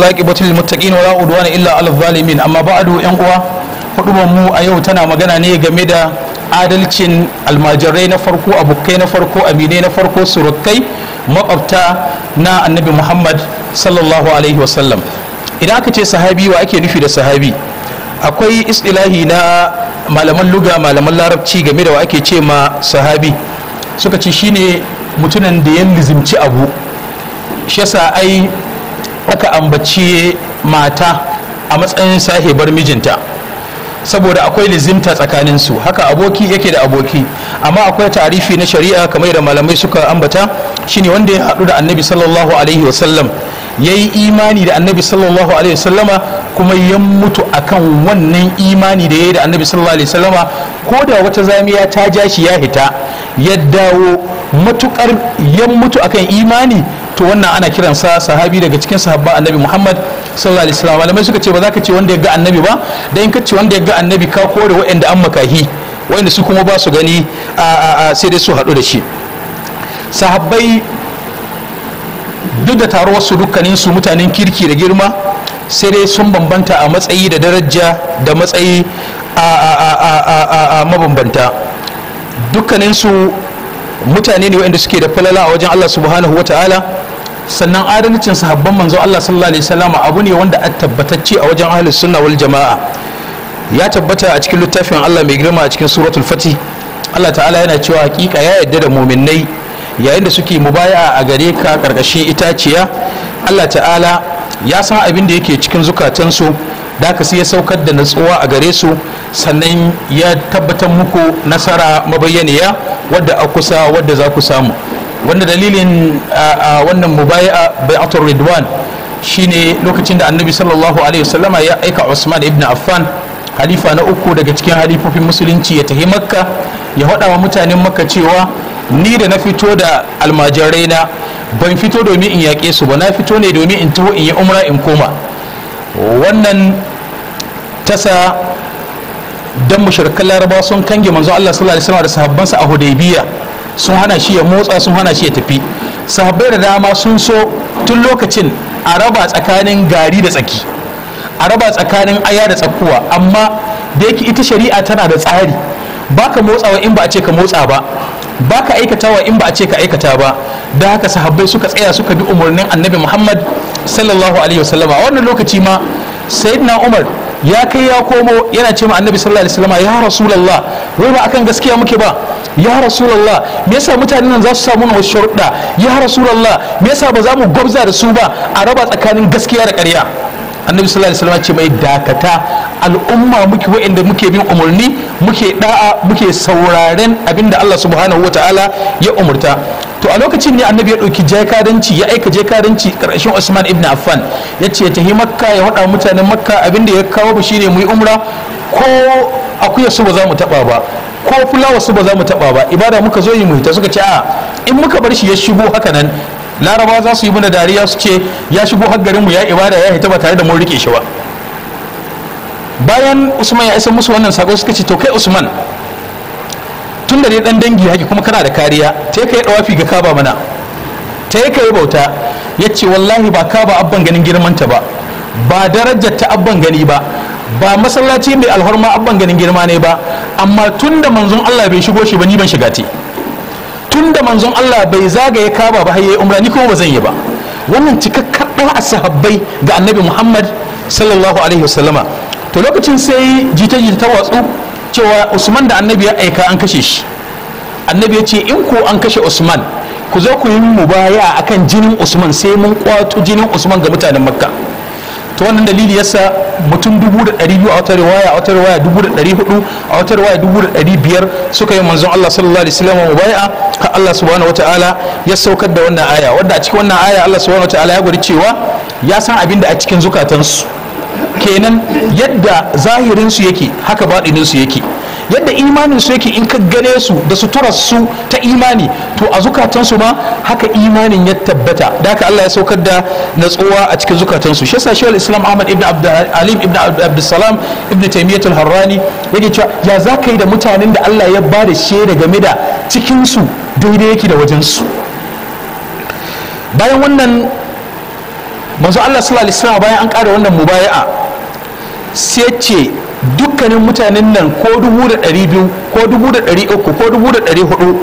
laƙibatul muttaqin wala udwana illa al zalimin amma ba'du yan uwa hudubar mu a yau tana magana ne game da adalcin almajirai na farko abokai na farko aminai na farko surukai makwabta na annabi muhammad sallallahu alaihi wasallam idan aka ce sahabi wa ake nufi da sahabi akwai istilahi na malaman luga malaman larabci game da wa ake ce ma sahabi suka ce shine mutumin da ya lizimci abu shi ai aka ambaci mata a matsayin sahibar mijinta saboda akwai lizimta tsakaninsu haka aboki yake da aboki amma akwai tarifi na shari'a kamar da malamai suka ambata shine wanda ya haɗu da annabi sallallahu alaihi wasallam ya yi imani da annabi sallallahu alaihi wasallama kuma ya mutu akan wannan imani da ya yi da annabi sallallahu alaihi wasallama ko da wata zamiya ta ja shi ya hita ya dawo matukar ya mutu akan imani to wannan ana kiran sa sahabi daga cikin sahabba annabi muhammad sallallahu alaihi wasallam malamai suka ce ba za ka ce wanda ya ga annabi ba dan ka ce wanda ya ga annabi ka kore waɗanda an makahi waɗanda su kuma ba su gani sai dai su haɗu da shi sahabbai duk da taro wasu dukkanin su mutanen kirki da girma sai dai sun bambanta a matsayi da daraja da matsayi a mabambanta dukkaninsu mutane ne waɗanda suke da falala a wajen Allah subhanahu wa ta'ala sannan adalcin sahabban manzo Allah sallallahu alaihi wasallam abu ne wanda a tabbatacce a wajen ahlus sunna wal jama'a ya tabbata a cikin littafin Allah mai girma a cikin suratul fatih Allah ta'ala yana cewa hakika ya yarda da muminnai yayin da suke mubaya'a a gare ka karkashin itaciya Allah ta'ala ya san abin da yake cikin zukatansu da haka sai ya saukar da natsuwa a gare su sannan ya tabbatar muku nasara mabayyaniya wadda a kusa wadda za ku samu wanda dalilin a wannan mubaya bai'atul ridwan shine lokacin da annabi sallallahu alaihi wasallama ya aika usman ibn affan halifa na uku daga cikin halifofin musulunci ya tafi makka ya hada wa mutanen makka cewa ni da na fito da almajirai na ban fito domin in yaƙe su ba na fito ne domin in taho in yi umra in koma wannan tasa don mashirkan laraba sun kange manzo Allah sallallahu alaihi wasallam da sahabbansa a Hudaybiya sun hana shi ya motsa sun hana shi ya tafi sahabbai da dama sun so tun lokacin a raba tsakanin gari da tsaki a raba tsakanin aya da tsakuwa amma da yake ita shari'a tana da tsari baka motsawa in ba a ce ka motsa ba baka aikatawa in ba a ce ka aikata ba da haka sahabbai suka tsaya suka bi umarnin annabi Muhammad sallallahu alaihi wasallam a wannan lokaci ma sayyidina umar ya kai ya komo yana ce ma annabi sallallahu alaihi wasallam ya rasulullah wai ba akan gaskiya muke ba ya rasulullah me yasa mutanen nan za su samu na sharuɗa ya rasulullah me yasa ba za mu gwabza da su ba a raba tsakanin gaskiya da ƙarya annabi sallallahu alaihi wasallam ce mai dakata al'umma muke wa'anda muke bin umarni muke da'a muke sauraren abinda Allah subhanahu wataala ya umurta to a lokacin ne annabi ya ɗauki jakadanci ya aika jakadanci karshen Usman ibn Affan ya ce ta yi makka ya hada mutanen makka abinda ya kawo mu shine mu yi umra ko akuya su ba za mu taɓa ba ko fulawa su ba za mu taba ba ibada muka zo yi mu ta suka ce a in muka bar shi ya shigo haka nan laraba za su yi mana dariya su ce ya shigo haggarinmu ya ibada ya hita ba tare da mun rike shi ba bayan usman ya isa musu wannan sako suka ce to kai usman tun da dai dan dangi haki kuma kana da kariya ta yi kai dawafi ga kaba mana ta yi kai bauta ya ce wallahi ba kaba abban ganin girmanta ba ba darajar ta abban gani ba ba masallaci mai alhorma abban ganin girma ne ba amma tun da manzon allah bai shigo shi ba ni ban shiga te tun da manzon Allah bai zagaye kaba ba har yayi umra ni kuma ba zan yi ba wannan cikakken ɗan sahabbai ga annabi Muhammad sallallahu alaihi wasallama to lokacin sai jita-jita ta watsu cewa Usman da annabi ya aika an kashe shi annabi ya ce in ko an kashe Usman ku zo ku yi mubaya akan jinin Usman sai mun kwato jinin Usman ga mutanen Makka ta wannan dalili yasa mutum dubu da ɗari biyu a wata riwaya a wata riwaya dubu da ɗari hudu a wata riwaya dubu da ɗari biyar suka yi manzon Allah sallallahu alaihi wasallam bai'a ka Allah subhanahu wataala ya saukar da wannan aya wanda a cikin wannan aya Allah subhanahu wataala ya gwada cewa ya san abin da a cikin zukatansu kenan yadda zahirinsu yake haka baɗininsu yake yadda imanin su yake in ka gane su da suturar su ta imani to a zukatan su ma haka imanin ya tabbata da haka Allah ya saukar da natsuwa a cikin zukatan su shi yasa shi islam Ahmad ibn Abd Alim ibn Abd Salam ibn Taymiyyah al-Harrani yake cewa ya za yi da mutanen da Allah ya ba da shaida game da cikin su daidai yake da wajen su bayan wannan manzo Allah sallallahu alaihi wasallam bayan an kada wannan mubaya'a sai ce dukkanin mutanen nan ko dubu da ɗari biyu ko dubu da ɗari uku ko dubu da ɗari hudu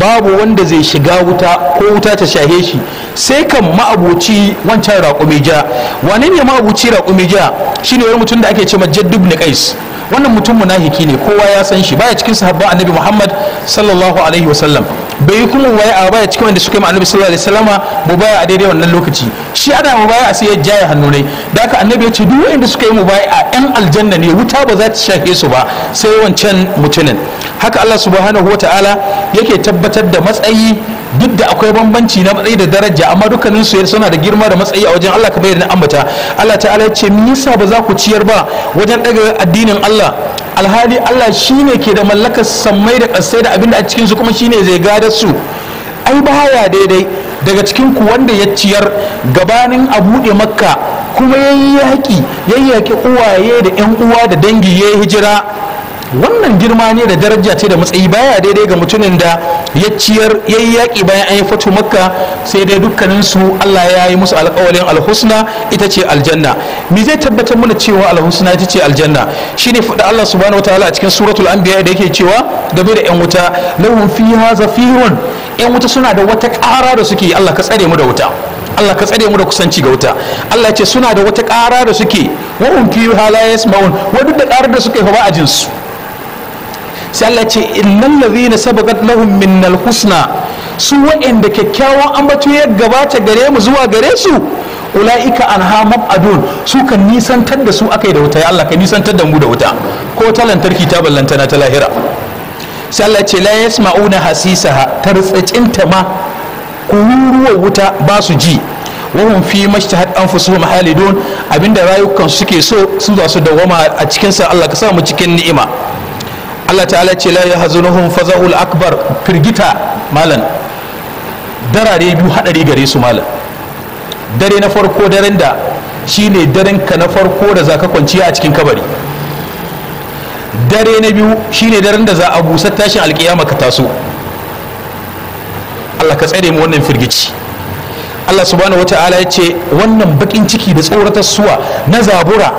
babu wanda zai shiga wuta ko wuta ta shahe shi sai kan ma'abuci wancan raƙumi ja wane ne ma'abuci raƙumi ja shine wani mutum da ake ce ma jaddub ni kais wannan mutum munafiki ne kowa ya san shi baya cikin sahabban annabi muhammad sallallahu alaihi wasallam bai yi kuma waya baya cikin wanda suka yi annabi sallallahu alaihi wasallama baya a daidai wannan lokaci shi ana mubaya a sai ya jaya hannu ne da haka annabi ya ce duk wanda suka yi mu baya a yan aljanna ne wuta ba za ta shafe su ba sai wancan mutumin haka Allah subhanahu ta'ala yake tabbatar da matsayi duk da akwai bambanci na matsayi da daraja amma dukkanin su suna da girma da matsayi a wajen Allah kamar yadda ambata Allah ta'ala ya ce nisa ba za ku ciyar ba wajen daga addinin Allah alhali Allah shine ke da mallakar sammai da kasai da abinda a cikin su kuma shine zai gadar su ai baya daidai daga cikin ku wanda ya ciyar gabanin a buɗe makka kuma yayi yaƙi yayi yaki uwaye da 'yan uwa da dangi yayi hijira wannan girma ne da daraja ce da matsayi baya daidai ga mutumin da ya ciyar ya yi yaƙi bayan an yi fatu makka sai dai dukkanin su allah ya yi musu alƙawalin alhusna ita ce aljanna me zai tabbatar mana cewa alhusna ita ce aljanna shine faɗa allah subhanahu wataala a cikin suratul anbiya da yake cewa game da yan wuta lahum fiha zafirun yan wuta suna da wata ƙara da suke allah ka tsare mu da wuta Allah ka tsare mu da kusanci ga wuta Allah ce suna da wata ƙara da suke wa hum fiha la yasma'un wa duk da ƙarar da suke fa ba a sai Allah ce innal ladhina sabaqat lahum minnal husna su wa'anda kyakkyawan ambato ya gabata gare mu zuwa gare su ula'ika anha mab'adun su kan nisantar da su akai da wuta ya Allah ka nisantar da mu da wuta ko ta lantarki ta na ta lahira sai Allah ce la yasma'una hasisaha tartsacinta ma kururuwar wuta ba su ji wahum fi mashtahat anfusuhum halidun abinda rayukan suke so su za su dawama a cikin sa Allah ka sa mu cikin ni'ima Allah ta'ala ce la yahzunuhum faza'ul akbar firgita malam darare biyu hadari gare su malam dare na farko daren da shine daren ka na farko da zaka kwanciya a cikin kabari dare na biyu shine daren da za a busa tashin alkiyama ka taso Allah ka tsare mu wannan firgici Allah subhanahu wata'ala ya ce wannan bakin ciki da tsoratar suwa na zabura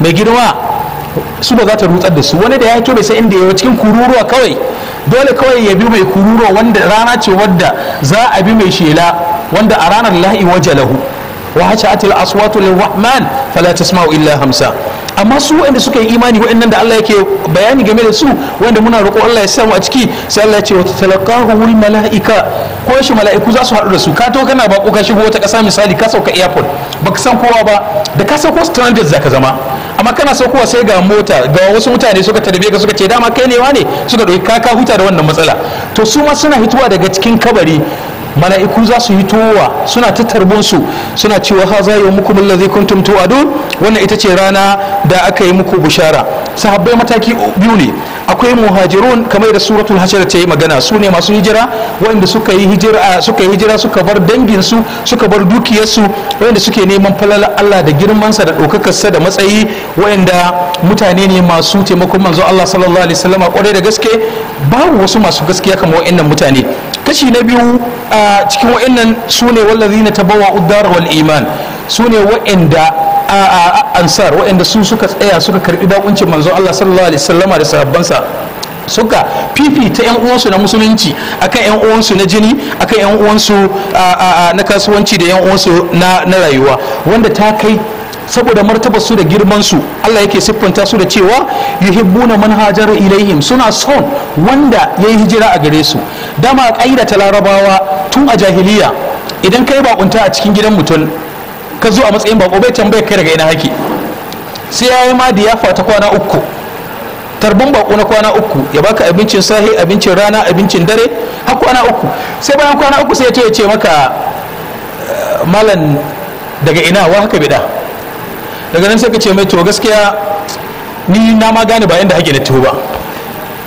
mai girma su ba za ta rutsar da su wani da ya kyau bai san inda ya cikin kururuwa kawai dole kawai ya bi mai kururuwa wanda rana ce wadda za a bi mai shela wanda a ranar lahi wajalahu wa hashatil aswatu lirrahman fala tasma'u illa hamsa amma su wanda suka yi imani wa'annan da Allah yake bayani game da su wanda muna roƙo Allah ya mu a ciki sai Allah ya ce wa talaqahu malaika ko shi mala'iku za su haɗu da su ka to kana bako ka shigo wata ƙasa misali ka sauka airport baka san kowa ba da ka sauko stranded zaka zama amma kana saukowa sai ga mota ga wasu mutane suka tarbe ka suka ce dama kai ne wane suka ɗauki ka huta da wannan matsala to su ma suna hituwa daga cikin kabari mala'iku za su yi towa suna ta su suna cewa ha za yi muku zai kuntum tu'adun wannan ita ce rana da aka yi muku bushara sahabbai mataki biyu ne akwai muhajirun kamar da suratul hashir ta yi magana su ne masu hijira wanda suka yi hijira suka yi hijira suka bar danginsu suka bar dukiyarsu wanda suke neman falala Allah da girman sa da ɗaukakarsa da matsayi wanda mutane ne masu taimakon manzo Allah sallallahu alaihi wasallam kwarai da gaske babu wasu masu gaskiya kamar wa'annan mutane kashi na biyu a cikin wa'annan su ne wallazina tabawa uddar wal iman su ne wa'anda ansar wa'anda su suka tsaya suka karbi bakuncin manzo Allah sallallahu alaihi wasallama da sahabbansa suka ta yan uwansu na musulunci akan yan uwansu na jini akan yan uwansu na kasuwanci da yan uwansu na rayuwa wanda ta kai saboda martaba su da girman su Allah yake siffanta su da cewa yuhibbuna man hajara ilaihim suna son wanda yayi hijira a gare su dama kaida ta larabawa tun a jahiliya idan kai bakunta a cikin gidan mutum ka zo a matsayin bako bai tambaye kai daga ina hake sai yayi ma diyafa ta kwana uku tarban bako na kwana uku ya baka abincin sahi abincin rana abincin dare har kwana uku sai bayan kwana uku sai ya ce maka eh, malam daga ina wa haka bida daga nan sai ka ce mai to gaskiya ni na ma gane ba inda hake na tuba ba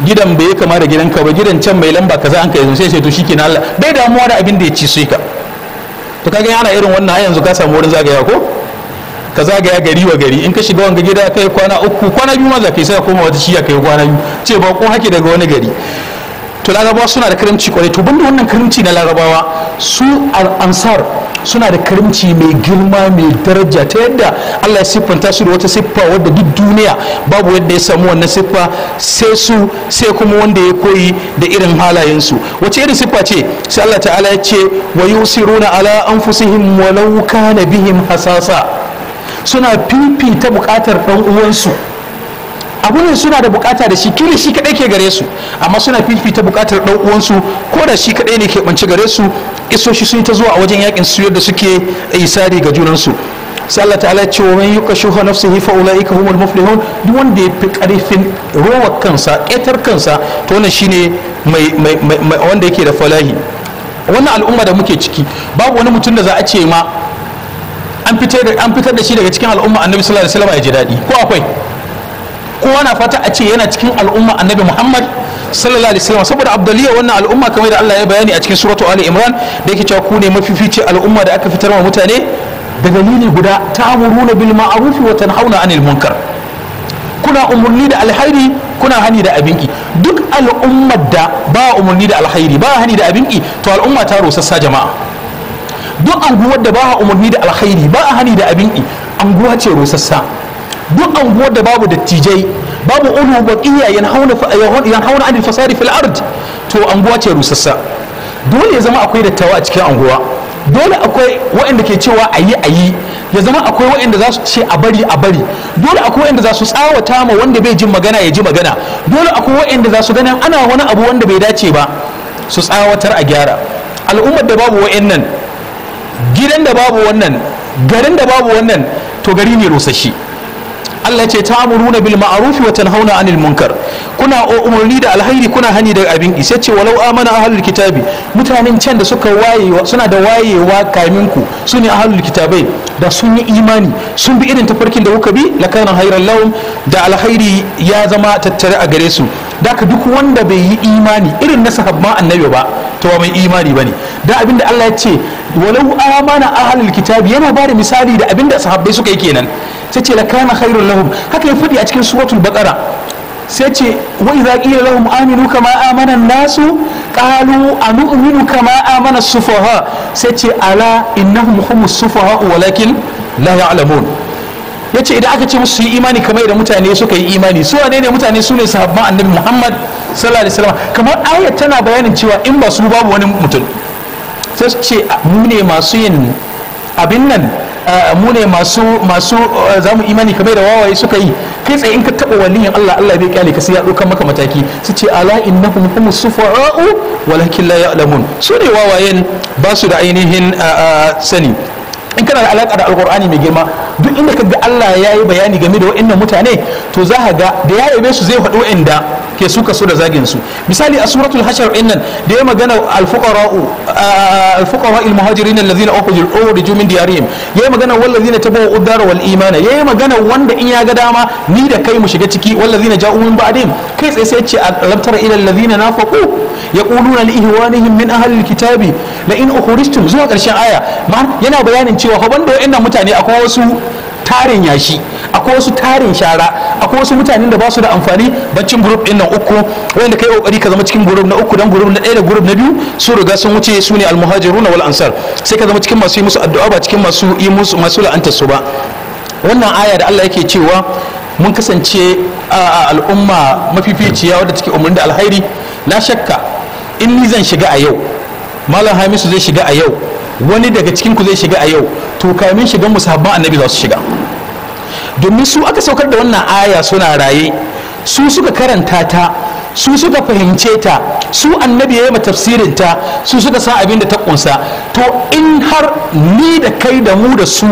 gidan bai kama da gidanka ba gidan can mai lamba kaza an kai sai sai to shike na Allah bai damuwa da abin da ya ci sai ka to kaga yana irin wannan yanzu ka samu wurin zagaya ko ka zagaya gari wa gari in ka shiga wanga gida kai kwana uku kwana biyu ma za ka yi sai koma wata shiya kai kwana biyu ce ba ko hake daga wani gari to larabawa suna da karimci kwarai to banda wannan karimci na larabawa su ansar suna da karimci mai girma mai daraja ta yadda Allah ya siffanta su da wata siffa wadda duk duniya babu yadda ya samu wannan siffa sai su sai kuma wanda ya koyi da irin halayensu wace irin siffa ce sai Allah ta'ala ya ce wa yusiruna ala an anfusihim walau kana bihin hasasa suna fifita bukatar ɗan uwansu abu ne suna da bukata da shi kiri shi kadai ke gare su amma suna fifita bukatar dan uwansu ko da shi kadai ne ke bance gare su isoshi sun ta zuwa a wajen yakin su yadda suke isari ga su sai Allah ta'ala ya ce wa man yukashuha nafsihi fa ulaika humul muflihun duk wanda ya fi karfin rowa kansa ƙetar kansa to wannan shine mai wanda yake da falahi wannan al'umma da muke ciki babu wani mutum da za a ce ma an fitar da shi daga cikin al'umma annabi sallallahu alaihi wasallam ya ji daɗi ko akwai kowa na fata a ce yana cikin al'umma annabi muhammad sallallahu alaihi wasallam saboda abdaliya wannan al'umma kamar da Allah ya bayani a cikin suratu ali imran da yake cewa ku ne mafifici al'umma da aka fitar wa mutane da dalili guda ta'muruna bil ma'ruf wa tanhauna 'anil munkar kuna umurni da alhairi kuna hani da abinki duk al'ummar da ba umurni da alhairi ba hani da abinki to al'umma ta rusassa jama'a duk anguwar da ba umurni da alhairi ba hani da abinki anguwa ce rusassa duk anguwar da babu dattijai babu ulu iya yan hauna yan hauna anil fil ard to anguwa ce rusassa dole ya zama akwai dattawa a cikin anguwa dole akwai waɗanda ke cewa a yi a yi ya zama akwai waɗanda za su ce a bari a bari dole akwai waɗanda za su tsawata ma wanda bai jin magana ya ji magana dole akwai waɗanda za su gani ana wani abu wanda bai dace ba su tsawatar a gyara al'ummar da babu waɗannan gidan da babu wannan garin da babu wannan to gari ne rusashi Allah ce ta'muruna bil ma'ruf wa tanhauna 'anil munkar kuna umarni da alhairi kuna hani da abin ki sai ce walau amana ahlul kitabi mutanen can da suka waye suna da wayewa kamin ku a ahlul kitabai da sun yi imani sun bi irin tafarkin da kuka bi lakanan hayran lahum da alhairi ya zama tattare a gare su daka duk wanda bai yi imani irin na sahabban annabi ba to mai imani bane da abinda Allah ya ce walau amana ahlul kitabi yana ba da misali da abinda sahabbai suka yi kenan sai ce lakana khairun lahum haka ya fadi a cikin suratul baqara sai ce wa idza qila lahum aminu kama amana nasu qalu anu'minu kama amana sufaha sai ce ala innahum humus sufaha walakin la ya'lamun yace idan aka ce musu yi imani kamar idan mutane suka yi imani su wane ne mutane su ne sahabban annabi Muhammad sallallahu alaihi wasallam kamar ayat tana bayanin cewa in ba su babu wani mutum sai su ce mu ne masu yin abin nan Eh, mu ne masu masu eh, zamu imani kamar da wawaye suka yi kai tsaye in ka taba yin Allah Allah bai kyale ka sai ya dauka maka mataki su ce ala innahum hum sufa'u walakin la ya'lamun su ne wawayen ba su da ainihin eh, sani in kana da alaƙa da alƙur'ani mai girma duk inda ka ga Allah ya yi bayani game da wa'annan mutane to za ka ga da ya yabe su zai faɗi wa'anda ke suka so da zagin su misali a suratul hashar innan da ya magana alfuqara'u alfuqara'il muhajirin allazina ukhriju min diyarihim ya magana wallazina tabawu ad-dar wal imana ya yi magana wanda in ya ga dama ni da kai mu shiga ciki wallazina ja'u min ba'dihim kai tsaye sai ce a ila allazina nafaqu yaquluna li ihwanihim min ahli alkitabi la in ukhrijtum zuwa ƙarshen aya yana bayanin cewa fa banda wa'annan mutane akwai wasu tarin yashi akwai wasu tarin shara akwai wasu mutanen da ba su da amfani bancin group din nan uku wanda kai kokari ka zama cikin group na uku dan group na ɗaya da group na biyu su riga sun wuce su ne almuhajiruna wal ansar sai ka zama cikin masu yi musu addu'a ba cikin masu yi musu masu la'anta su ba wannan aya da Allah yake cewa mun kasance a al'umma mafificiya wadda take umarni da alhairi la shakka in ni zan shiga a yau malam hamisu zai shiga a yau wani daga cikin ku zai shiga a yau to kamin shigan musahabban annabi za su shiga domin su aka saukar da wannan aya suna raye su suka karanta ta su suka fahimce ta su annabi yayi yi tafsirin ta su suka sa abin da ta kunsa to in har ni da kai da mu da su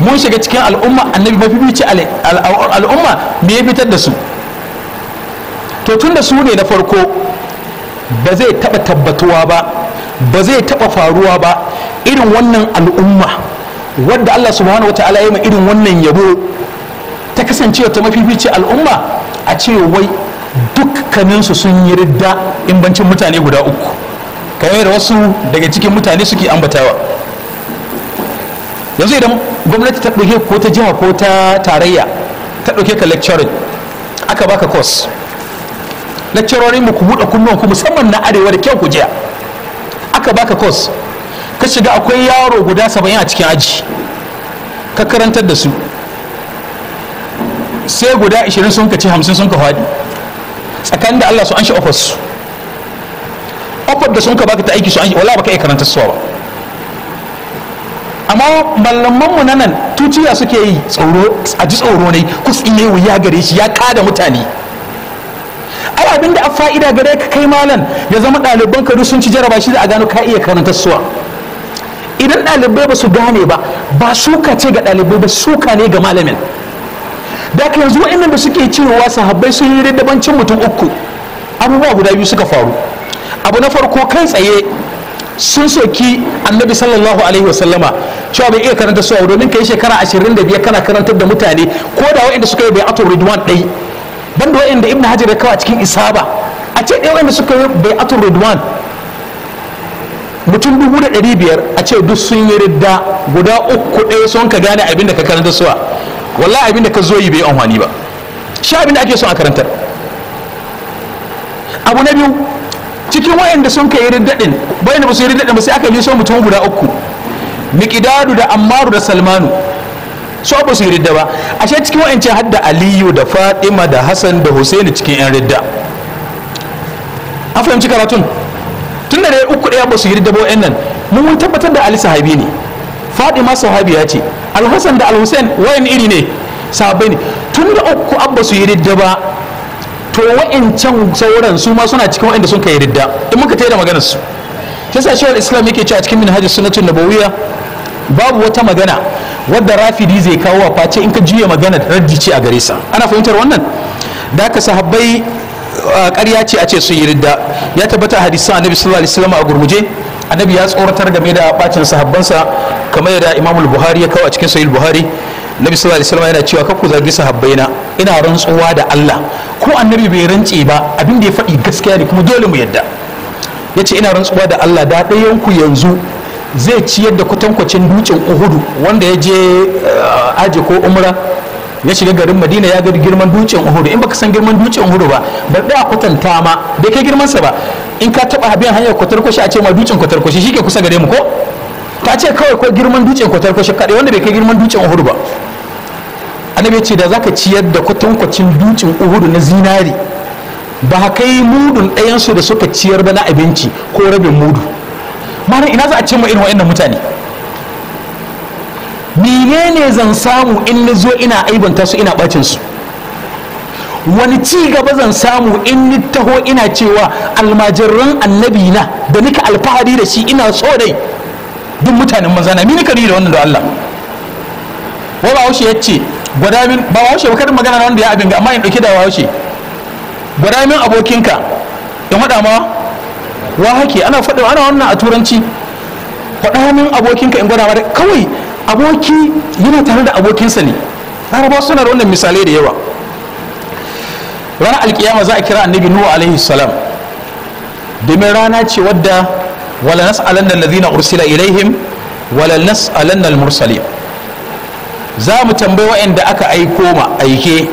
mun shiga cikin al'umma annabi mafifici al'umma me ya fitar da su to tun da su ne na farko ba zai taɓa tabbatuwa ba ba zai taɓa faruwa ba irin wannan al'umma wadda Allah subhanahu wa ta'ala ya irin wannan yabo ta kasance ta mafifici al'umma a ce wai dukkaninsu sun yi ridda in bancin mutane guda uku kamar da wasu daga cikin mutane suke ambatawa yanzu idan gwamnati ta ɗauke ko ta jiha ko ta tarayya ta ɗauke ka lecturing aka baka course lecturing mu ku buɗe kunnuwan ku musamman na arewa da kyau ku jiya aka baka course ka shiga akwai yaro guda saba'in a cikin aji ka karantar da su sai guda ishirin sun ka ci hamsin sun ka faɗi tsakanin da Allah su an shi ofar su ofar da sun ka baka ta aiki su an shi wala baka iya karanta su ba amma mallaman mu nan tuciya suke yi tsoro a ji tsoro ne kusi ne wuya gare shi ya kada mutane ai abin da a fa'ida gare ka kai malam ya zama ɗaliban ka duk sun ci jaraba shi da a gano ka iya karanta suwa Dalibai ba su gane ba ba suka ce ga dalibai ba suka ne ga malamin da ka yanzu waɗannan da suke cewa sahabbai sun yi dabancin mutum uku abubuwa guda biyu suka faru abu na farko kai tsaye sun soki annabi sallallahu alaihi wasallama cewa bai iya karanta suwa domin kai shekara ashirin da biyar kana karantar da mutane ko da waɗanda suka yi bai'atul ridwan ɗai banda waɗanda ibn hajar ya kawo a cikin isaba a ce ɗaya waɗanda suka yi bai'atul ridwan mutum dubu da ɗari biyar a ce duk sun yi ridda guda uku ɗaya sun ka gane abin da ka karanta suwa wallahi abin da ka zo yi bai amfani ba shi abin da ake son a karantar abu na biyu cikin wayanda sun kai riddaɗin bayan da ba su yi riddaɗin ba sai aka yi son mutum guda uku miƙidadu da ammaru da salmanu su ba su yi ridda ba ashe cikin wayancan hadda aliyu da fatima da hassan da husaini cikin yan ridda an fahimci karatun Tunda da dai uku ɗaya ba su yi dabo yan nan mun tabbatar da ali sahabi ne sahabi ya ce alhassan da alhussein wayan iri ne sahabai ne tun da uku abba su yi ba to wa'incan sauran su ma suna cikin da sun kai ridda in muka tayi da maganar su yasa shawar islam yake cewa cikin sunatun da nabawiyya babu wata magana wadda rafidi zai kawo a face in ka juya maganar raddi a gare sa ana fahimtar wannan da aka sahabbai Ah, ƙarya ce a ce sun yi ridda ya tabbata hadisan annabi sallallahu alaihi wasallam a gurguje annabi ya tsoratar game da bacin sahabbansa kamar yadda imam buhari ya kawo a cikin sahih buhari annabi sallallahu alaihi wasallam yana cewa kakku zargi sahabbaina ina rantsuwa da Allah ko annabi bai rantse ba abin da ya faɗi gaskiya ne kuma dole mu yadda yace ina rantsuwa da Allah da ɗayan ku yanzu zai ciyar da kwatankwacin dutsen Uhudu wanda ya je eh, aje ko umra ya shiga garin madina ya ga girman dutsen uhud in baka san girman dutsen uhud ba bar da kwatanta ma da kai girman sa ba in ka taba habiyan hanyar kwatarkwashi a ce ma dutsen shi shike kusa gare mu ko ta ce kawai ko girman dutsen kwatarkwashi kadai wanda bai kai girman dutsen hudu ba annabi ya ce da zaka ciyar da kwatankwacin dutsen uhudu na zinari ba kai mudun ɗayansu da suka ciyar ba na abinci ko rabin mudu ma'ana ina za a ce ma irin wa'annan mutane ne zan samu in na zo ina aibanta su ina bacin su wani ci gaba zan samu in ni taho ina cewa almajiran annabi na da nika alfahari da shi ina so dai duk mutanen mazana ni nika da wannan da Allah wa ba haushe ya ce gwada min ba haushe ba kada magana na wanda ya abin ga amma in dauke da haushe gwada min abokinka in faɗa ma wa hake ana faɗa ana wannan a turanci faɗa min abokinka in gwada ma kawai aboki yana tare da abokinsa ne laraba suna da wannan misalai da yawa ranar alkiyama za a kira annabi nuhu alaihi salam domin rana ce wadda wala da zina ursila ilaihim wala nas'alanna al mursali za mu tambayi waɗanda aka aiko ma aike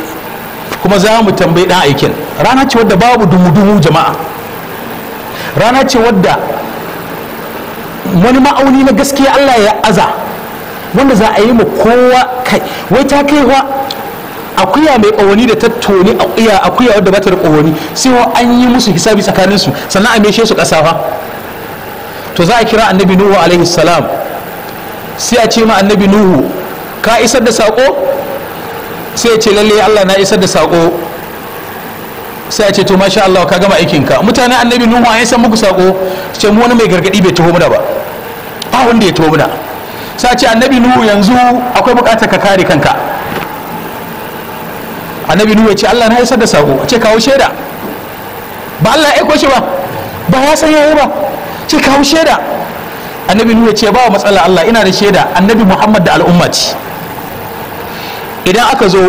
kuma za mu tambayi ɗan aikin rana ce wadda babu dumu-dumu jama'a rana ce wadda wani ma'auni na gaskiya Allah ya aza wanda za a yi mu kowa kai wai ta kai wa akuya mai ƙawani da ta toni akuya akuya wadda ba ta da ƙawani sai wa an yi musu hisabi tsakanin su sannan a meshe su kasa fa to za a kira annabi nuhu alaihi salam sai a ce ma annabi nuhu ka isar da sako? sai ya ce lalle Allah na isar da sako. sai a ce to masha Allah ka gama aikinka Mutane annabi nuhu an san muku sako? ce mu wani mai gargadi bai taho da ba ba wanda ya taho da sa ce annabi nuhu yanzu akwai bukatar ka kare kanka annabi nuhu ya ce Allah na isar da sako a ce kawo shaida ba Allah ya aiko shi ba ba ya san yayi ba ce kawo shaida annabi nuhu ya ce ba matsala Allah ina da shaida annabi Muhammad da al'umma ce idan aka zo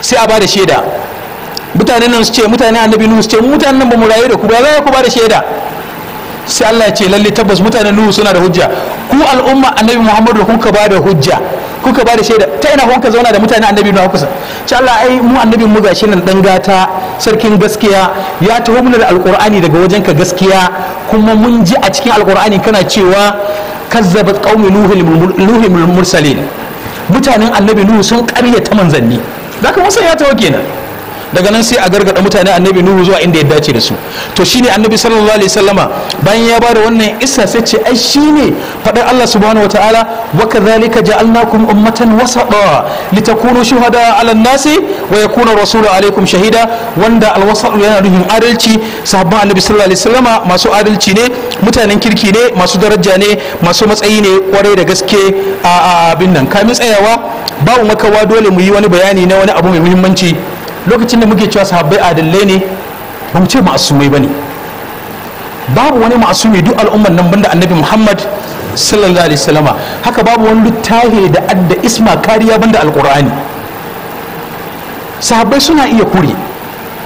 sai a bada shaida mutanen nan su ce mutane annabi nuhu su ce mutanen nan ba mu rayu da ku ba za ku bada shaida sai Allah ya ce lalle tabbas mutanen Nuhu suna da hujja ku al'umma annabi Muhammadu kuka ba da hujja kuka ba da shaida ta ina kuka zauna da mutanen annabi Nuhu kusa sai Allah ai mu annabin mu gashi nan dan gata sarkin gaskiya ya taho mana da alqur'ani daga wajen ka gaskiya kuma mun ji a cikin alqur'ani kana cewa kazzabat qaumi nuhul mursalin mutanen annabi Nuhu sun ta manzanni zaka musa ya taho kenan daga nan sai a gargada mutane annabi nuhu zuwa inda ya dace da su to shine annabi sallallahu alaihi wasallama bayan ya bada wannan isa sai ce ai shine fadar Allah subhanahu wataala wa kadhalika ja'alnakum ummatan wasata litakunu shuhada 'ala an-nasi wa yakuna rasulu alaikum shahida wanda alwasat yana nufin adalci sahabban annabi sallallahu alaihi wasallama masu adalci ne mutanen kirki ne masu daraja ne masu matsayi ne kwarai da gaske a abin nan kamin tsayawa babu makawa dole mu yi wani bayani na wani abu mai muhimmanci lokacin da muke cewa sahabbai adalai ne ba mu ce ma'asumai ba ne babu wani ma'asumi duk al'ummar nan banda annabi muhammad sallallahu alaihi wasallama haka babu wani littafi da adda isma kariya banda alqur'ani sahabbai suna iya kure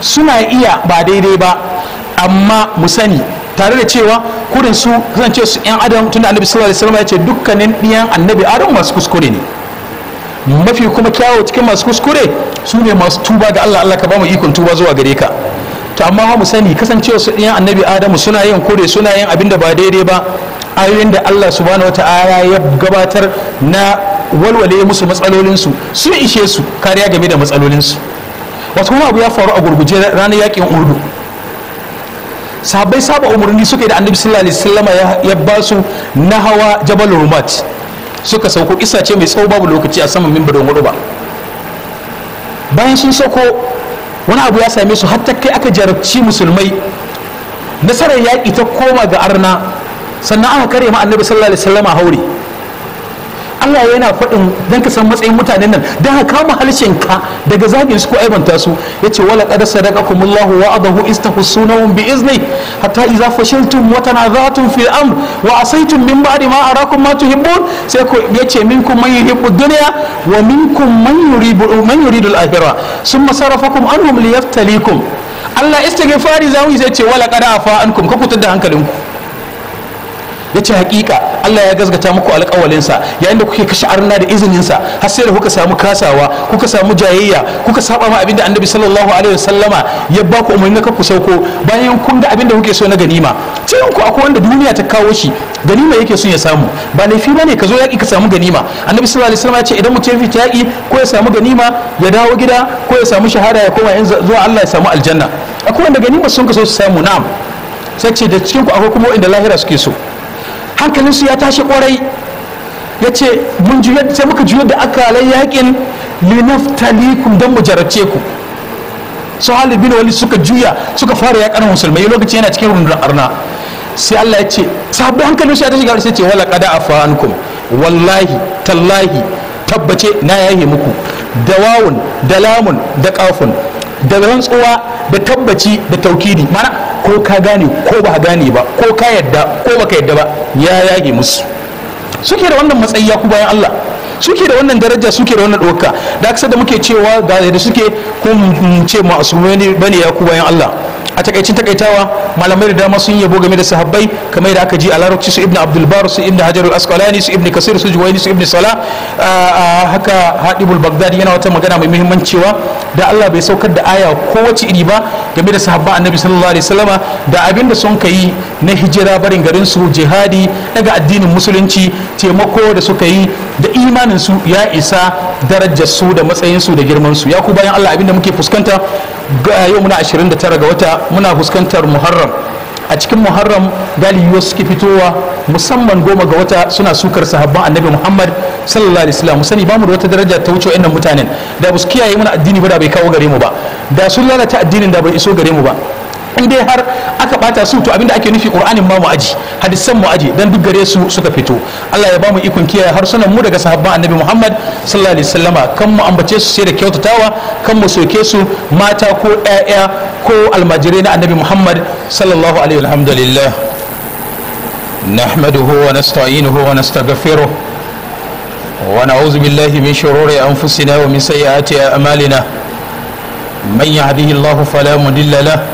suna iya ba daidai ba amma mu sani tare da cewa kurin su kasance su yan adam tunda annabi sallallahu alaihi wasallama ya ce dukkanin ɗiyan annabi adam masu kuskure ne mafi kuma kyawo cikin masu kuskure su ne masu tuba ga Allah Allah ka ba mu ikon tuba zuwa gare ka to amma mu sani kasancewa su ɗayan annabi adamu suna yin kore suna yin abin da ba daidai ba ayoyin da Allah subhanahu wata'ala ya gabatar na walwale musu matsalolin su su ishe su kariya game da matsalolinsu wato kuma abu ya faru a gurguje ranar yakin urdu sahabbai saba umarni suka yi da annabi sallallahu alaihi wasallama ya ba su na hawa jabal rumat suka sauko isa ce mai tsawo babu lokaci a saman mimbarin wadu ba bayan sun sako wani abu ya same su hatta kai aka jarabci musulmai nasarar yaƙi ta koma ga arna sannan aka kare ma annabi sallallahu alaihi wasallam haure Allah yana faɗin don ka san matsayin mutanen nan dan ka kama ka daga zagin su ko aibanta su yace wala qad wa adahu istahsunahum bi izni hatta idza fashiltum wa tanaza'tum fil amr wa asaytum min ba'di ma arakum ma tuhibbun sai ko yace minkum man yuhibbu dunya wa minkum man yuridu man yuridu al-akhirah summa sarafakum anhum liyaftalikum Allah istighfari zawi sai ce wala qad afa ankum ka kutar da hankalinku ya ce hakika Allah ya gazgata muku alƙawalinsa yayin da kuke kashe arna da izininsa har sai da kuka samu kasawa kuka samu jayayya kuka saba ma abinda annabi sallallahu alaihi wasallama ya ba ku umarni ka ku sauko bayan kun ga abinda kuke so na ganima cikin ku akwai wanda duniya ta kawo shi ganima yake son ya samu ba laifi ba ne ka zo yaƙi ka samu ganima annabi sallallahu alaihi wasallama ya ce idan mutum ya fita yaƙi ko ya samu ganima ya dawo gida ko ya samu shahada ya koma yanzu zuwa Allah ya samu aljanna akwai wanda ganima sun ka so su samu na'am sai ce da cikin ku akwai kuma wanda lahira suke so hankalinsu ya tashi kwarai ya ce mun juyar sai muka juyar da akalai yakin linaftalikum don mu jarace ku su halin bin wali suka juya suka fara yakan musulmai lokaci yana cikin rundunar arna sai Allah ya ce sabu hankalin ya ta shiga sai ce wala a afa ankum wallahi tallahi tabbace na yahe muku da wawun da lamun da kafun da rantsuwa da tabbaci da taukidi mana ko ka gane ko ba gane ba ko ka yadda ko baka yadda ba ya yage musu suke da wannan matsayi ya ku bayan Allah suke da wannan daraja suke da wannan ɗauka da aka da muke cewa ga da suke kun ce masu bane ya ku bayan Allah a takaicin takaitawa malamai da dama sun yabo game da sahabbai kamar yadda aka ji a larabci su ibnu abdul bar su ibnu hajar al-asqalani su ibnu kasir su juwayni su ibnu sala haka hadibul bagdadi yana wata magana mai muhimmanci cewa da Allah bai saukar da aya kowace iri ba game da sahabba annabi sallallahu alaihi wasallama da abin da sun kai na hijira barin garin su jihadi daga addinin musulunci taimako da suka yi da imanin su ya isa darajar su da matsayin su da girman su ya ku bayan Allah abin da muke fuskanta ga yau muna 29 ga wata muna fuskantar muharram a cikin muharram galibi wasu suke fitowa musamman goma ga wata suna sukar sahabban annabi muhammad sallallahu alaihi wasallam sani bamu da wata daraja ta wuce wannan mutanen da ba kiyaye muna addini ba da bai kawo gare mu ba da sun lalata addinin da bai iso gare mu ba in dai har aka bata su to abinda ake nufi qur'anin ma mu aji hadisan mu aji dan duk gare su suka fito Allah ya ba mu ikon kiyaye harsunan mu daga sahabban annabi Muhammad sallallahu alaihi wasallama kan mu ambace su sai da kyautatawa kan mu soke su mata ko ƴaƴa ko almajirai na annabi Muhammad sallallahu alaihi alhamdulillah نحمده ونستعينه ونستغفره ونعوذ بالله من شرور أنفسنا ومن سيئات أعمالنا من يهده الله فلا مضل له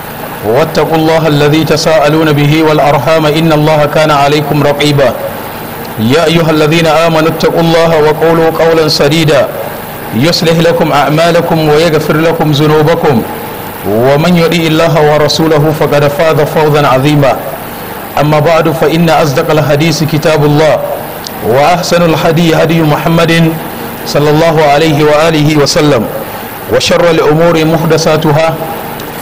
واتقوا الله الذي تساءلون به والأرحام إن الله كان عليكم رقيبا يا أيها الذين آمنوا اتقوا الله وقولوا قولا سديدا يصلح لكم أعمالكم ويغفر لكم ذنوبكم ومن يطيع الله ورسوله فقد فاز فوزا عظيما أما بعد فإن أصدق الحديث كتاب الله وأحسن الحديث هدي محمد صلى الله عليه وآله وسلم وشر الأمور محدثاتها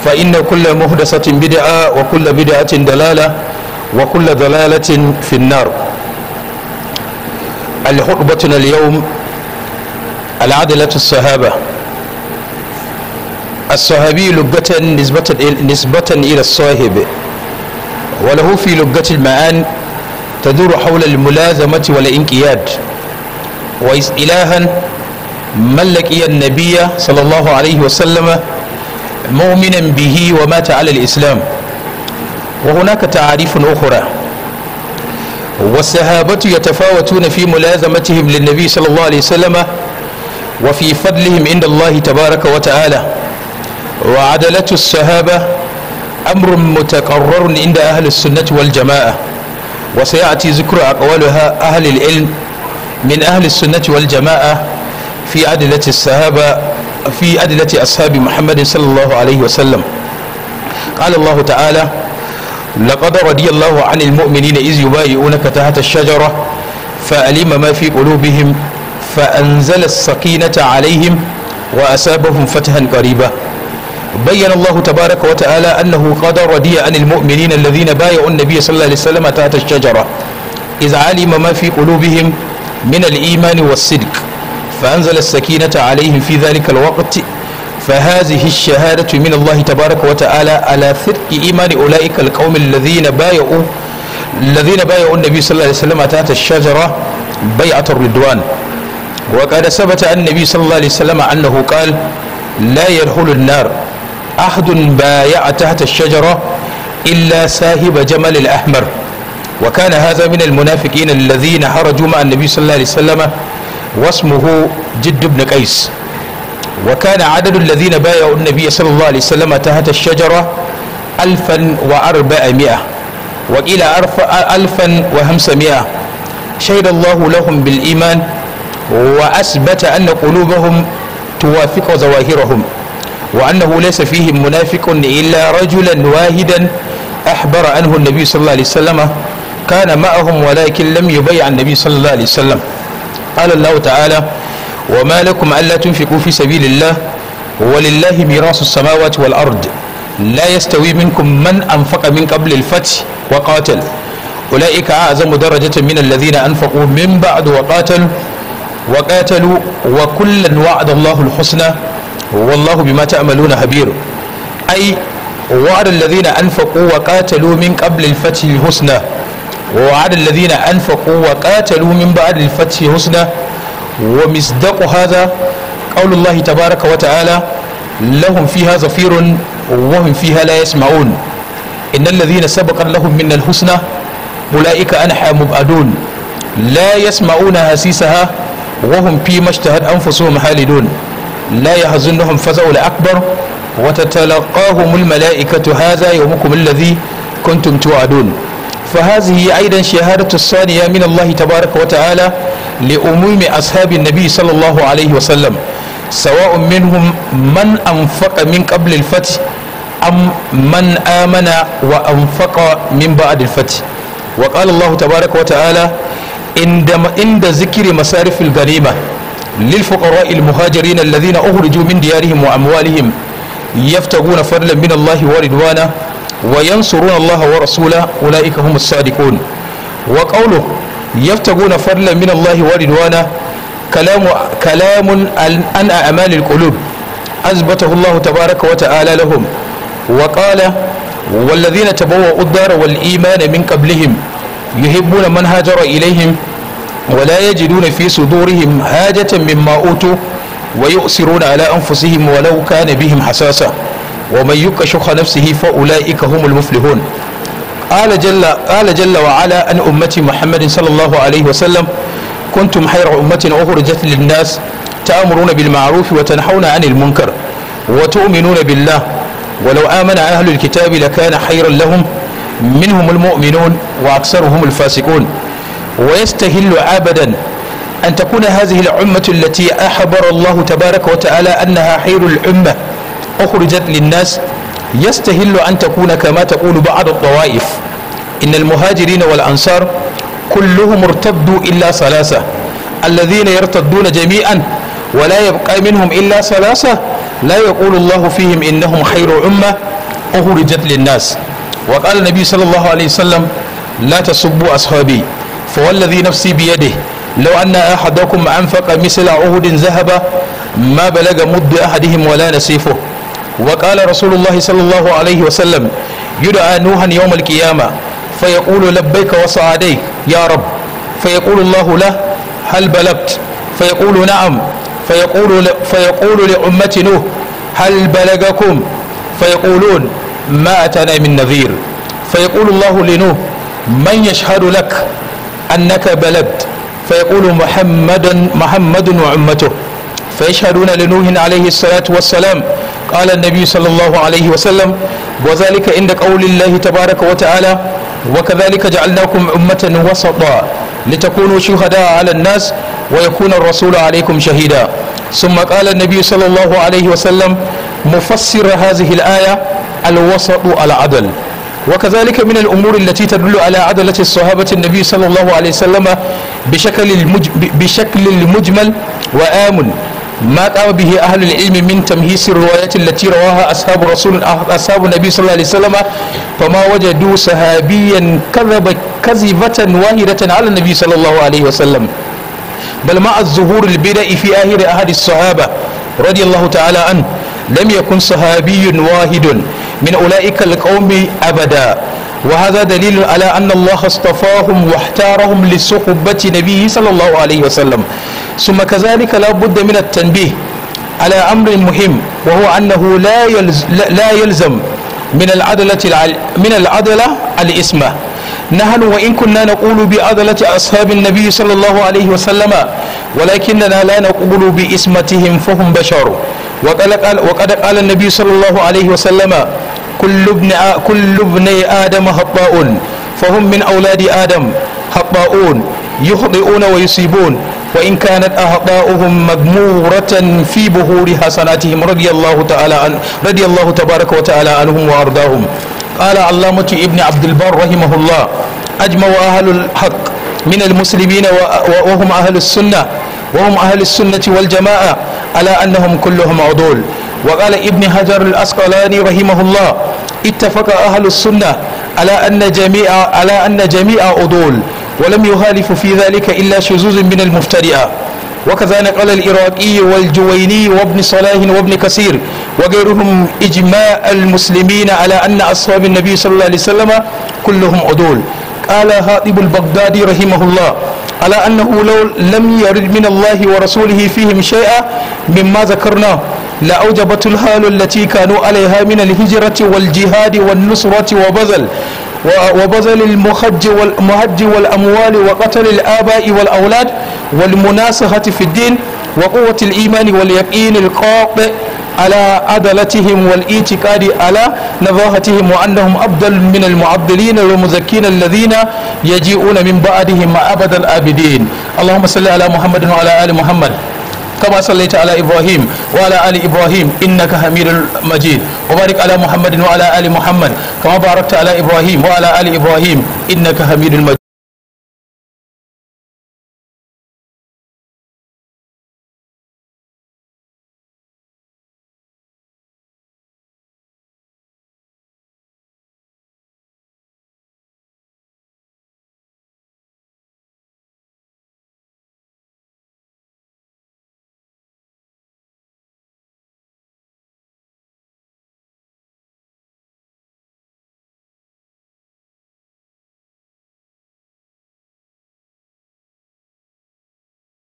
فإن كل مهدسة بدعة وكل بدعة دلالة وكل دلالة في النار الحقبتنا اليوم العدلة الصحابة الصحابي لغة نسبة نسبة إلى الصاحب وله في لغة المعان تدور حول الملازمة والانقياد وإلها من النبي صلى الله عليه وسلم مؤمنا به ومات على الإسلام وهناك تعاريف أخرى والصحابة يتفاوتون في ملازمتهم للنبي صلى الله عليه وسلم وفي فضلهم عند الله تبارك وتعالى وعدلة الصحابة أمر متقرر عند أهل السنة والجماعة وسيأتي ذكر أقوالها أهل العلم من أهل السنة والجماعة في عدلة الصحابة في أدلة أصحاب محمد صلى الله عليه وسلم قال الله تعالى لقد رضي الله عن المؤمنين إذ يبايعونك تحت الشجرة فألم ما في قلوبهم فأنزل السكينة عليهم وأسابهم فتحا قريبا بين الله تبارك وتعالى أنه قد رضي عن المؤمنين الذين بايعوا النبي صلى الله عليه وسلم تحت الشجرة إذ علم ما في قلوبهم من الإيمان والصدق فأنزل السكينة عليهم في ذلك الوقت فهذه الشهادة من الله تبارك وتعالى على فرق إيمان أولئك القوم الذين بايعوا الذين بايعوا النبي صلى الله عليه وسلم تحت الشجرة بيعة الرضوان وقد ثبت أن النبي صلى الله عليه وسلم أنه قال لا يدخل النار أحد بايع تحت الشجرة إلا ساهب جمل الأحمر وكان هذا من المنافقين الذين خرجوا مع النبي صلى الله عليه وسلم واسمه جد بن قيس وكان عدد الذين بايعوا النبي صلى الله عليه وسلم تحت الشجرة ألفا وأربعمائة وإلى ألفا وخمسمائة شهد الله لهم بالإيمان وأثبت أن قلوبهم توافق ظواهرهم وأنه ليس فيهم منافق إلا رجلا واحدا أحبر عنه النبي صلى الله عليه وسلم كان معهم ولكن لم يبيع النبي صلى الله عليه وسلم قال الله تعالى وما لكم ألا تنفقوا في سبيل الله ولله ميراث السماوات والأرض لا يستوي منكم من أنفق من قبل الفتح وقاتل أولئك أعظم درجة من الذين أنفقوا من بعد وقاتلوا وقاتلوا وكلا وعد الله الحسنى والله بما تعملون خبير أي وعد الذين أنفقوا وقاتلوا من قبل الفتح الحسنى وعلى الذين أنفقوا وقاتلوا من بعد الفتح حسنا ومصدق هذا قول الله تبارك وتعالى لهم فيها زفير وهم فيها لا يسمعون إن الذين سبق لهم من الحسنى أولئك أنحى مبعدون لا يسمعون هسيسها وهم فيما اشتهت أنفسهم حالدون لا يحزنهم فزع الأكبر وتتلقاهم الملائكة هذا يومكم الذي كنتم توعدون فهذه أيضا شهادة الثانية من الله تبارك وتعالى لأموم أصحاب النبي صلى الله عليه وسلم سواء منهم من أنفق من قبل الفتح أم من آمن وأنفق من بعد الفتح وقال الله تبارك وتعالى عندما عند ذكر مصارف الغنيمة للفقراء المهاجرين الذين أخرجوا من ديارهم وأموالهم يفتقون فضلا من الله ورضوانه وينصرون الله ورسوله أولئك هم الصادقون وقوله يفتقون فضلا من الله ورضوانه كلام كلام عن أعمال القلوب أثبته الله تبارك وتعالى لهم وقال والذين تبوأوا الدار والإيمان من قبلهم يحبون من هاجر إليهم ولا يجدون في صدورهم حاجة مما أوتوا ويؤثرون على أنفسهم ولو كان بهم حساسة ومن يك شح نفسه فأولئك هم المفلحون قال جل, قال جل وعلا أن أمتي محمد صلى الله عليه وسلم كنتم خير أمة أخرجت للناس تأمرون بالمعروف وتنحون عن المنكر وتؤمنون بالله ولو آمن أهل الكتاب لكان خيرا لهم منهم المؤمنون وأكثرهم الفاسقون ويستهل أبدا أن تكون هذه الأمة التي احبر الله تبارك وتعالى أنها خير الأمة أخرجت للناس يستهل أن تكون كما تقول بعض الطوائف إن المهاجرين والأنصار كلهم ارتدوا إلا ثلاثة الذين يرتدون جميعا ولا يبقى منهم إلا ثلاثة لا يقول الله فيهم إنهم خير أمة أخرجت للناس وقال النبي صلى الله عليه وسلم لا تسبوا أصحابي فوالذي نفسي بيده لو أن أحدكم أنفق مثل عهد ذهب ما بلغ مد أحدهم ولا نسيفه وقال رسول الله صلى الله عليه وسلم يدعى نوحا يوم القيامة فيقول لبيك وسعديك يا رب فيقول الله له هل بلغت فيقول نعم فيقول فيقول لأمة نوح هل بلغكم فيقولون ما أتانا من نذير فيقول الله لنوح من يشهد لك أنك بلغت فيقول محمد محمد وأمته فيشهدون لنوح عليه الصلاة والسلام قال النبي صلى الله عليه وسلم وذلك عند قول الله تبارك وتعالى وكذلك جعلناكم أمة وسطا لتكونوا شهداء على الناس ويكون الرسول عليكم شهيدا ثم قال النبي صلى الله عليه وسلم مفسر هذه الآية الوسط العدل وكذلك من الأمور التي تدل على عدلة الصحابة النبي صلى الله عليه وسلم بشكل, المج... بشكل المجمل وآمن ما قام به أهل العلم من تمهيس الروايات التي رواها أصحاب رسول أصحاب النبي صلى الله عليه وسلم فما وجدوا صحابيا كذب كذبة واهرة على النبي صلى الله عليه وسلم بل مع الظهور البدع في آخر أحد الصحابة رضي الله تعالى عنه لم يكن صحابي واحد من أولئك القوم أبدا وهذا دليل على أن الله اصطفاهم واحتارهم لصحبة نبيه صلى الله عليه وسلم ثم كذلك لا بد من التنبيه على أمر مهم وهو أنه لا لا يلزم من العدلة من العدلة الإسمة نحن وإن كنا نقول بعدلة أصحاب النبي صلى الله عليه وسلم ولكننا لا نقول بإسمتهم فهم بشر وقد قال النبي صلى الله عليه وسلم كل ابن كل ابن آدم خطاؤون فهم من أولاد آدم خطاؤون يخطئون ويصيبون وإن كانت أخطاؤهم مغمورة في بهور حسناتهم رضي الله تعالى عن رضي الله تبارك وتعالى عنهم وأرضاهم قال علامة ابن عبد البر رحمه الله أجمع أهل الحق من المسلمين وهم أهل السنة وهم أهل السنة والجماعة على أنهم كلهم عدول وقال ابن حجر الأسقلاني رحمه الله اتفق أهل السنة على أن جميع على أن جميع عدول ولم يخالف في ذلك إلا شذوذ من المفترئة وكذلك قال العراقي والجويني وابن صلاح وابن كثير وغيرهم إجماع المسلمين على أن أصحاب النبي صلى الله عليه وسلم كلهم عدول قال هاتب البغدادي رحمه الله على أنه لو لم يرد من الله ورسوله فيهم شيئا مما ذكرناه لأوجبت الحال التي كانوا عليها من الهجرة والجهاد والنصرة وبذل وبذل المهج والأموال وقتل الآباء والأولاد والمناسخة في الدين وقوة الإيمان واليقين القاطع على عدلتهم والإعتقاد على نظاهتهم وأنهم أفضل من المعدلين والمزكين الذين يجيئون من بعدهم أبد الآبدين اللهم صل على محمد وعلى آل محمد كما صليت على إبراهيم وعلى آل إبراهيم إنك حميد مجيد وبارك على محمد وعلى آل محمد كما باركت على إبراهيم وعلى آل إبراهيم إنك حميد مجيد